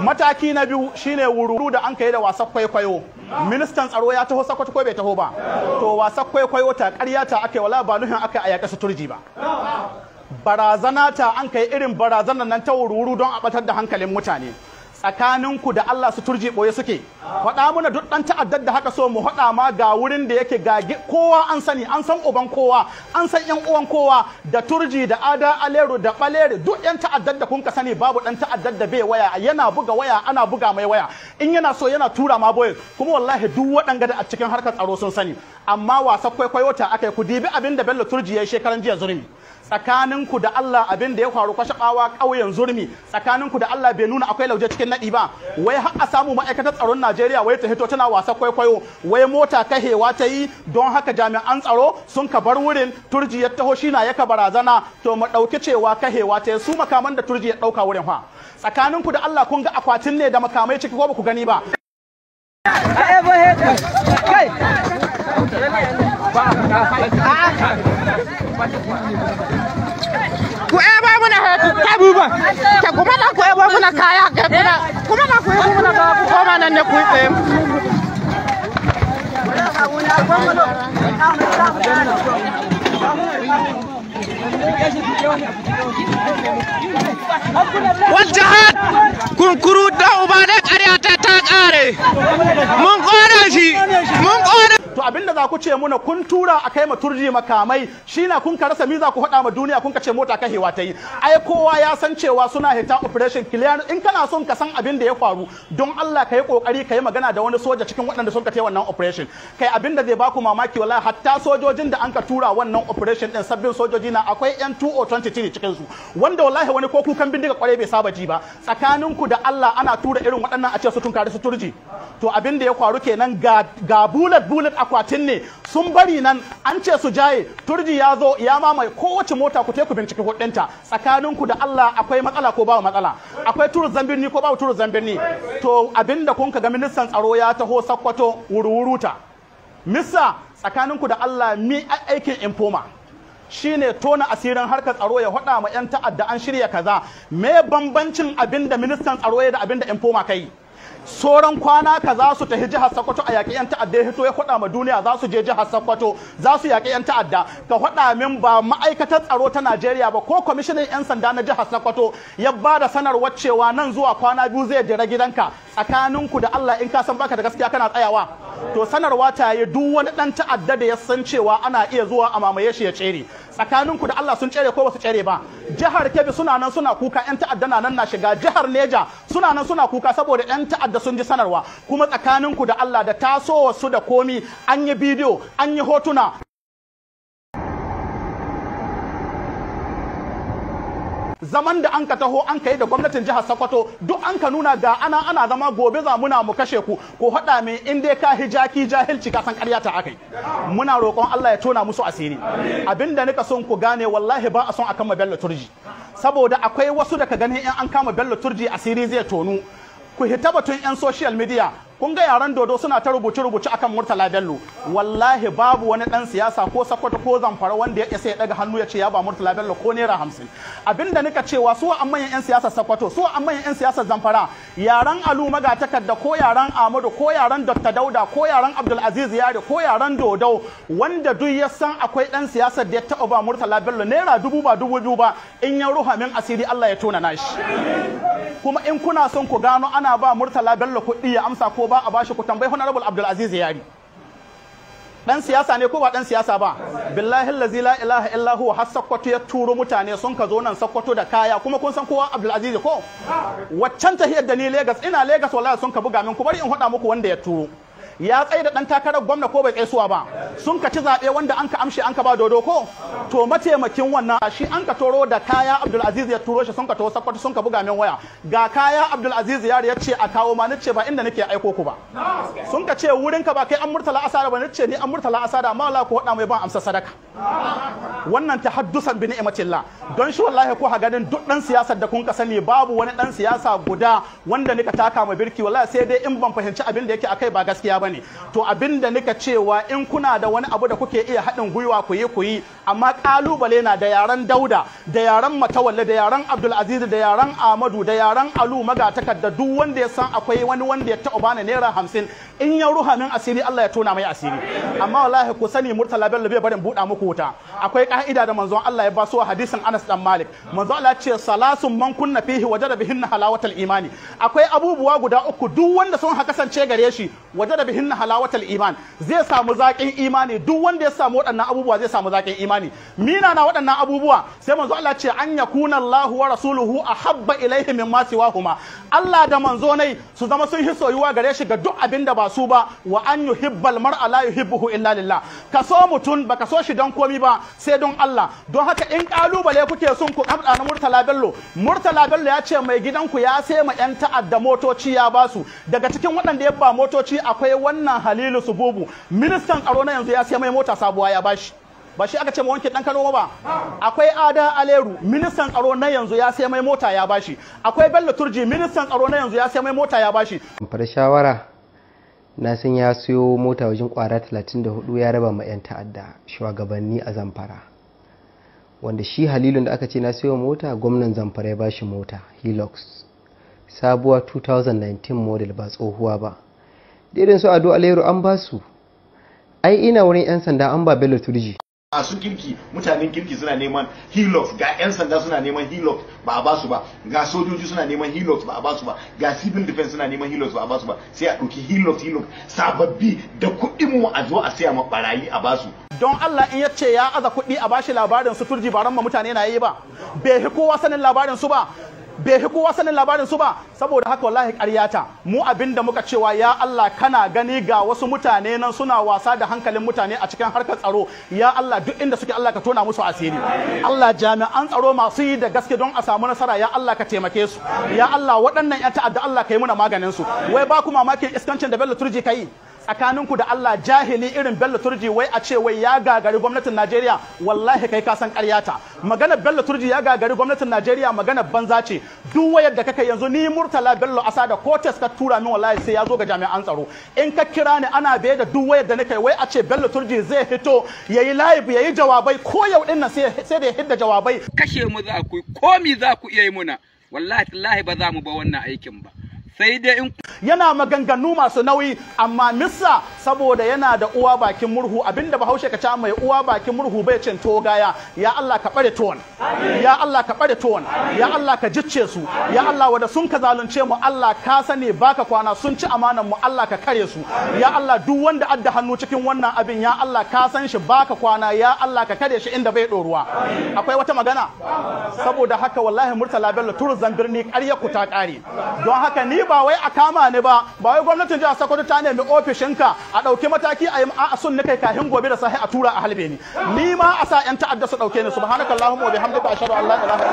mataki na biyu shine wururu da an kai da wasa kwaikwayo ministan tsaro ya taho sakwato ko bai taho ba to wasa kwaikwayo ta ƙarya ta aka wala ba nuhin aka a yaƙe su turji ba barazana ta an kai irin barazanar nan ta wururu don a batar da hankalin mutane tsakaninku da Allah su turji boye suke faɗa muna duk ɗan ta'addar da haka so mu haɗa ma ga wurin da yake ga kowa an sani an san uban kowa an san yan uwan kowa da turji da ada alero da ɓalere duk yan ta'addar da kun ka sani babu ɗan ta'addar da bai waya yana buga waya ana buga mai waya in yana so yana tura ma boye kuma wallahi duk waɗanga da a cikin harkar tsaro sun sani amma wasa kwaikwayo ta aka ku dibi abin da Bello Turji yi shekaran jiya zurmi tsakaninku da Allah abin da ya faru kwashabawa ƙauyen zurmi ku da Allah bai nuna akwai lauje cikin naɗi ba wai har a samu ma'aikatar tsaron Najeriya wai ta hito tana wasa kwaikwayo wai mota kahewa ta yi don haka jami'an tsaro sun ka bar wurin turji ya taho shi na yaka barazana to mu ɗauki cewa kahewa ta yi su makaman da turji ya ɗauka wurin fa tsakaninku da Allah kun ga akwatin ne da makamai ciki ko ba ku gani ba ku eba muna hatu tabuba ta kuma da ku eba muna kaya ga muna kuma da ku eba muna ba ku koma nan ne ku yi tsaye Thank you. Wajjahat kun kurudda ubaalee qariyaatee taa qaare. haka za ku ce muna kun tura a kai turji makamai shi na kun ka rasa mi za ku faɗa ma duniya kun ka ce mota ka hewa ta yi ai kowa ya san cewa suna hita operation clear in kana son ka san abin da ya faru don Allah ka yi kokari ka yi magana da wani soja cikin waɗanda sun ka ta wannan operation kai abin da zai baku mamaki wallahi hatta sojojin da an ka tura wannan operation din sabbin sojoji na akwai yan 2023 cikin su wanda wallahi wani ko kukan bindiga kwarai bai saba ji ba tsakanin ku da Allah ana tura irin waɗannan a ce su tunkari su turji to abin da ya faru kenan ga ga bullet bullet akwatin nan ne sun bari nan an ce su jaye turji ya zo ya mamaye kowace mota ku ku bincike hudunta tsakanin ku da Allah akwai matsala ko ba matsala akwai turu zambirni ko ba turu zambirni to abinda kun ga ministan tsaro ya taho sakkwato wuruwuruta missa ku da Allah mi aikin infoma shine tona asirin harkar tsaro ya hada ma 'yan ta'adda an shirya kaza me bambancin abinda ministan tsaro ya da abinda infoma kai sauran kwana ka za su tafi jihar Sokoto a yaƙi 'yan ta'adda ya hito ya faɗa ma duniya za su je jihar Sokoto za su yaƙi 'yan ta'adda ka faɗa min ba ma'aikatar tsaro ta Najeriya ba ko kwamishinan 'yan sanda na jihar Sokoto ya ba da sanarwar cewa nan zuwa kwana biyu zai jira gidanka tsakaninku da Allah in ka san baka da gaskiya kana tsayawa to sanarwa ta yi duk wani dan ta'adda da ya san cewa ana iya zuwa a mamaye shi ya tsere tsakaninku da Allah sun tsere ko basu tsere ba jihar Kebbi suna nan suna kuka yan ta'adda na nan na shiga jihar Neja suna nan suna kuka saboda yan ta'adda sun ji sanarwa kuma tsakanin ku da Allah da tasowa su da komi an yi bidiyo an yi hotuna zaman da an ka taho an ka yi da gwamnatin jihar Sokoto duk an ka nuna ga ana ana zama gobe za muna mu kashe ku ko hada mai in dai ka hijaki jahilci ka san ƙarya ta akai muna roƙon Allah ya tona musu asiri abinda nika son ku gane wallahi ba a son a kama bello turji saboda akwai wasu daga ganin yan in an kama bello turji asiri zai tonu ku hita batun 'yan social media kun ga yaran dodo suna ta rubuce-rubuce akan murtala bello wallahi babu wani dan siyasa ko sakwato ko zamfara wanda ya isa ya daga hannu ya ce ya ba murtala bello ko naira hamsin abinda nika cewa su an manyan yan siyasa sakwato su an manyan yan siyasa zamfara yaran alu magatakarda ko yaran amadu ko yaran dr dauda ko yaran abdul aziz yare ko yaran dodo wanda duk ya san akwai dan siyasa da ya taɓa ba murtala bello naira dubu ba dubu biyu ba in ya ruha min asiri allah ya tona nashi kuma in kuna son ku gano ana ba murtala bello kuɗi ya amsa ko ba a bashi ku tambayi honorable abdul aziz yari dan siyasa ne ko ba dan siyasa ba billahi allazi la ilaha illa huwa har sakkwato ya turo mutane sun ka zo nan sakwato da kaya kuma kun san kowa abdul aziz ko waccan tahiyar da ni Legas ina Legas wallahi sun ka buga min ku bari in hada muku wanda ya turo ya tsaye da dan takarar gwamna ko bai tsaye ba sun ka ci zaɓe wanda an ka amshe an ka ba dodo ko to mataimakin wannan shi an ka toro da kaya abdul aziz ya turo shi sun ka to sakwato sun ka buga min waya ga kaya abdul aziz yari ya ce a kawo ma nace ba inda nake aiko ku ba sun ka ce wurin ka ba kai an murtala asara ba nace ni an murtala asara amma Allah ko hada mai ban amsa sadaka wannan tahaddusan bi ni'matillah don shi wallahi ko ha ganin duk dan siyasar da kun ka sani babu wani dan siyasa guda wanda nika taka ma birki wallahi sai dai in ban fahimci abin da yake akai ba gaskiya ba ne to abinda nika cewa in kuna da wani abu da kuke iya haɗin gwiwa ku yi ku yi amma ƙalubale na da yaran Dauda da yaran Matawalle da yaran Abdul Aziz da yaran Ahmadu da yaran Alu magatakarda duk wanda ya san akwai wani wanda ya taɓa bani naira hamsin in ya ruha asiri Allah ya tona mai asiri amma wallahi ku sani Murtala Bello bai barin buɗa muku wuta akwai ƙa'ida da manzon Allah ya ba su hadisin Anas dan Malik manzon Allah ce salasun man kunna fihi wajada bihinna halawatal imani akwai abubuwa guda uku duk wanda sun ha kasance gare shi wajada hinna halawatal iman zai samu zaƙin imani duk wanda ya samu waɗannan abubuwa zai samu zaƙin imani mina na waɗannan abubuwa sai manzo Allah ce an yakuna Allahu wa rasuluhu ahabba ilaihi mimma siwahuma Allah da manzo nai su zama sun hi soyuwa gare shi ga duk abin da ba su ba wa an yuhibbal mar'a la yuhibbuhu illa lillah ka so mutum baka so shi don komi ba sai don Allah don haka in kalubale kuke sun ku kamda na Murtala Bello Murtala Bello ya ce mai gidanku ya sai ma yan ta'adda motoci ya basu daga cikin waɗanda ya ba motoci akwai wannan Halilu Sububu ministan tsaro na yanzu ya sai mai mota sabuwa ya bashi ba shi aka ce wanke dan Kano ba akwai Ada Aleru ministan tsaro na yanzu ya sai mai mota ya bashi akwai Bello Turji ministan tsaro na yanzu ya sai mai mota ya bashi fara shawara na san ya siyo mota wajen kwara 34 ya raba ma 'yan ta'adda shugabanni a zamfara wanda shi halilu da aka ce na siyo mota gwamnan zamfara ya bashi mota hilux sabuwa 2019 model ba tsohuwa ba da irin su ado alero an ba su ai ina wurin yan sanda an ba bello turji masu kirki mutanen kirki suna neman hilux ga 'yan sanda suna neman hilux ba a ba su ba ga sojoji suna neman hilux ba a ba su ba ga civil defense suna neman hilux ba a ba su ba sai a ɗauki hilux hilux sababbi da kuɗin mu a zo a saya ma barayi a ba su don Allah in yace ya aza kuɗi a bashi labarin su turji ran ma mutane na yi ba bai kowa sanin labarin su ba bai fi kowa sanin labarin su ba saboda haka wallahi ƙaryata mu da muka cewa ya Allah kana gani ga wasu mutane nan suna wasa da hankalin mutane a cikin harkar tsaro ya Allah duk inda suke Allah ka tona musu asiri Allah jami'an tsaro masu yi da gaske don a samu nasara ya Allah ka taimake su ya Allah waɗannan 'yan ta'adda Allah ka yi muna maganin su wai ba ku mamakin iskancin da Bello Turji ka yi tsakaninku da Allah jahili irin Bello Turji wai a ce wai ya gagari gwamnatin Najeriya wallahi kai ka san ta magana Bello Turji ya gagari gwamnatin Najeriya magana banza ce duk wayar da kaka yanzu ni Murtala Bello Asa da kotes ka tura min wallahi sai ya zo ga jami'an tsaro in ka kira ni ana biye da duk wayar da nake wai a ce Bello Turji zai fito yayi live yayi jawabai ko yau din nan sai sai da ya hidda jawabai kashe mu za ku komi za ku iya yi muna wallahi tallahi ba za mu ba wannan aikin ba sai dai in yana maganganu masu nauyi amma missa saboda yana da uwa bakin murhu abinda bahaushe ka ca mai uwa bakin murhu bai cin togaya ya Allah ka bare tuwon ya Allah ka bare tuwon ya Allah ka jicce su ya Allah wada sun ka zalunce mu Allah ka sani baka kwana sun ci amanan mu Allah ka kare su ya Allah duk wanda adda hannu cikin wannan abin ya Allah ka san shi baka kwana ya Allah ka kare shi inda bai doruwa akwai wata magana saboda haka wallahi murtala bello turzan birni ƙarya ku ta ƙare don haka ni ni ba wai a kama ni ba ba wai gwamnatin jihar Sokoto ta nemi ofishinka a dauki mataki a yi a sun ni kai kahin gobe da sahi a tura a halbe ni ni ma a sa yan ta'adda su dauke ni subhanakallahumma wa bihamdika ashhadu an la ilaha